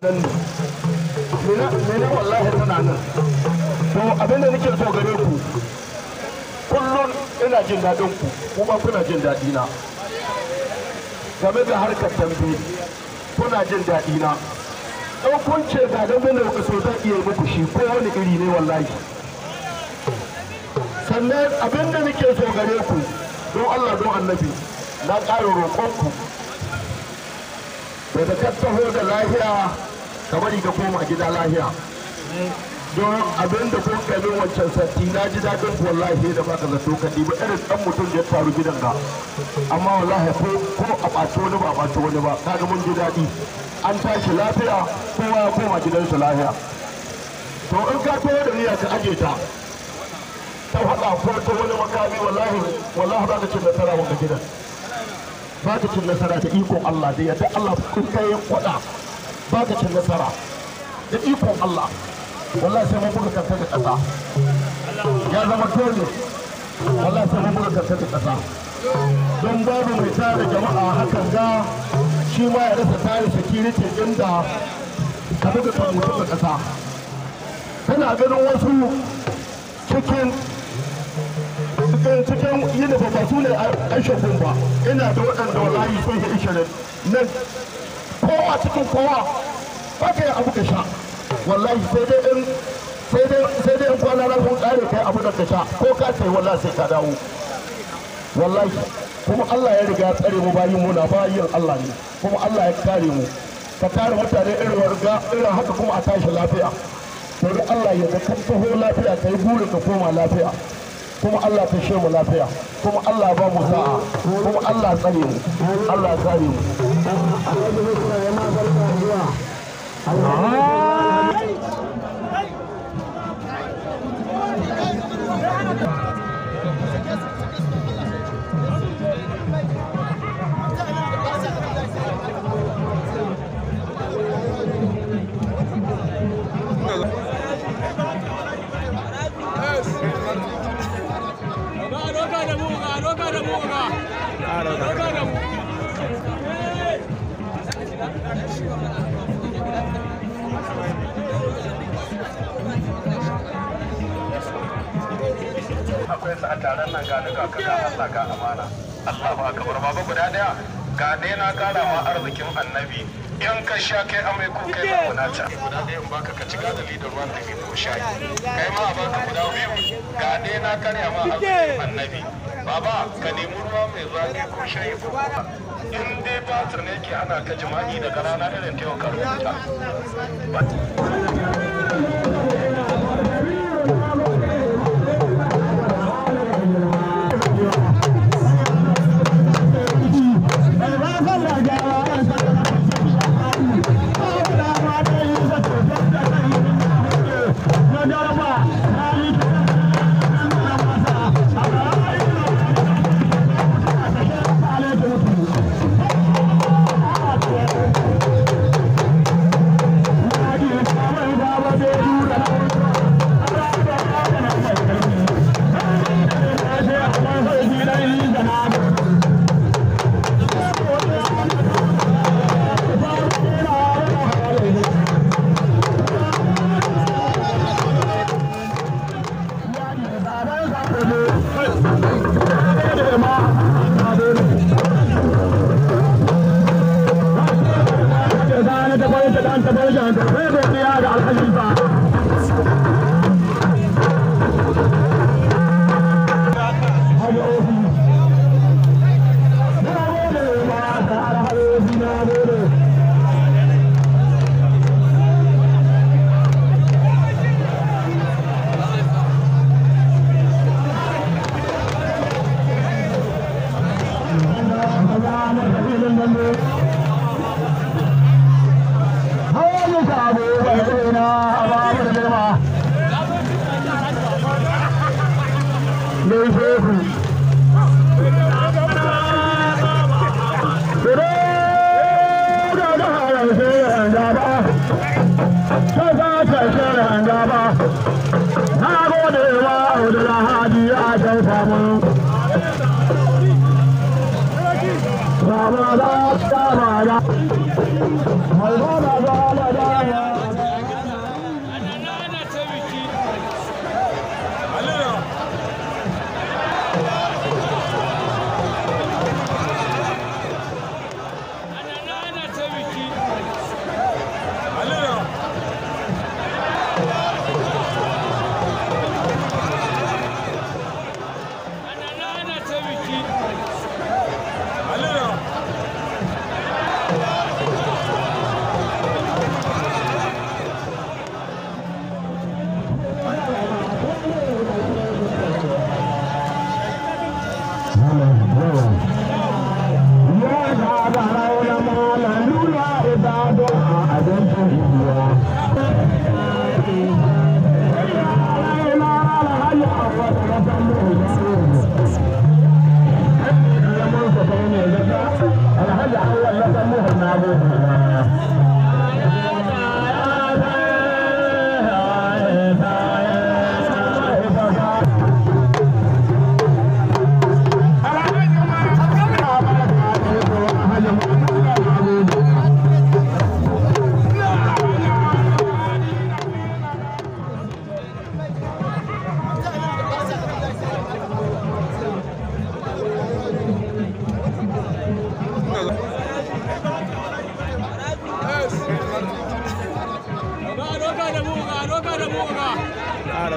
nan wallahi tana nan to abin da nake ku kullum ina jin daɗin ku kuma kuna jin daɗi na game da harkar tambi kuna jin daɗi na ɗan kun ce ga gamin da kuka so zan iya muku shi ko wani iri ne wallahi sannan abin da nake so gare ku don Allah don annabi na ƙara roƙonku da ka taho da lafiya ka bari ka koma gida lahiya don abin da kun kalli wancan sati na ji daɗin wallahi da baka zato ka ɗiba irin ɗan mutum da ya taru gidan ka amma wallahi ko ko a ɓato wani ba a ɓato wani ba kaga mun ji daɗi an tashi lafiya kowa ya koma gidansa lafiya to in ka tawo da niyya ka aje ta ta haɗa ko ta wani makami wallahi wallahi ba ka cin nasara wanda gidan ba ka cin nasara ta ikon Allah da yadda Allah kun kai kwaɗa. ba ka cin nasara da ikon Allah wallahi sai mun buga kanta da kasa ya zama dole wallahi sai mun buga kanta da kasa don babu mai tare jama'a hakan ga shi ma ya rasa tare security inda ka buga kan da kasa kana ganin wasu cikin cikin yin da ba su ne aishafin ba ina da waɗanda wallahi sun yi ishirin nan kowa cikin kowa kaka ya abu ka sha wallahi sai dai in sai dai sai dai in kwana na kun kare kai abu da ka sha ko ka sai wallahi sai ka dawo wallahi kuma Allah ya riga ya tsare mu bayin mu na bayin Allah ne kuma Allah ya kare mu ka kare mutane irin warga irin haka kuma a tashi lafiya to da Allah ya ga kan taho lafiya kai buri ka koma lafiya kuma Allah ta she mu lafiya kuma Allah ba mu sa'a kuma Allah tsare mu Allah tsare mu Claro, claro. akwai su a taron nan ga ka kaga Allah ga amana Allahu akbar baba guda daya ga dai na kara ma arzikin annabi in ka sha kai amai ko kai ba wadata guda daya in baka ka ci gadali da ruwan da ko shayi kai ma ka guda biyu ga dai na karya ma arzikin annabi baba ka nemi ruwa mai zafi ko shayi ko in dai ba batir ne ke ana ka jima'i daga rana irin ta yau ka rubuta Robert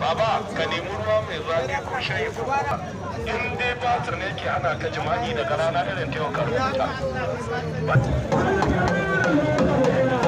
baba ka nemi ruwa mai zafi ko shayi ko in dai ba ne ke ana ka jima'i daga rana irin ta yau ka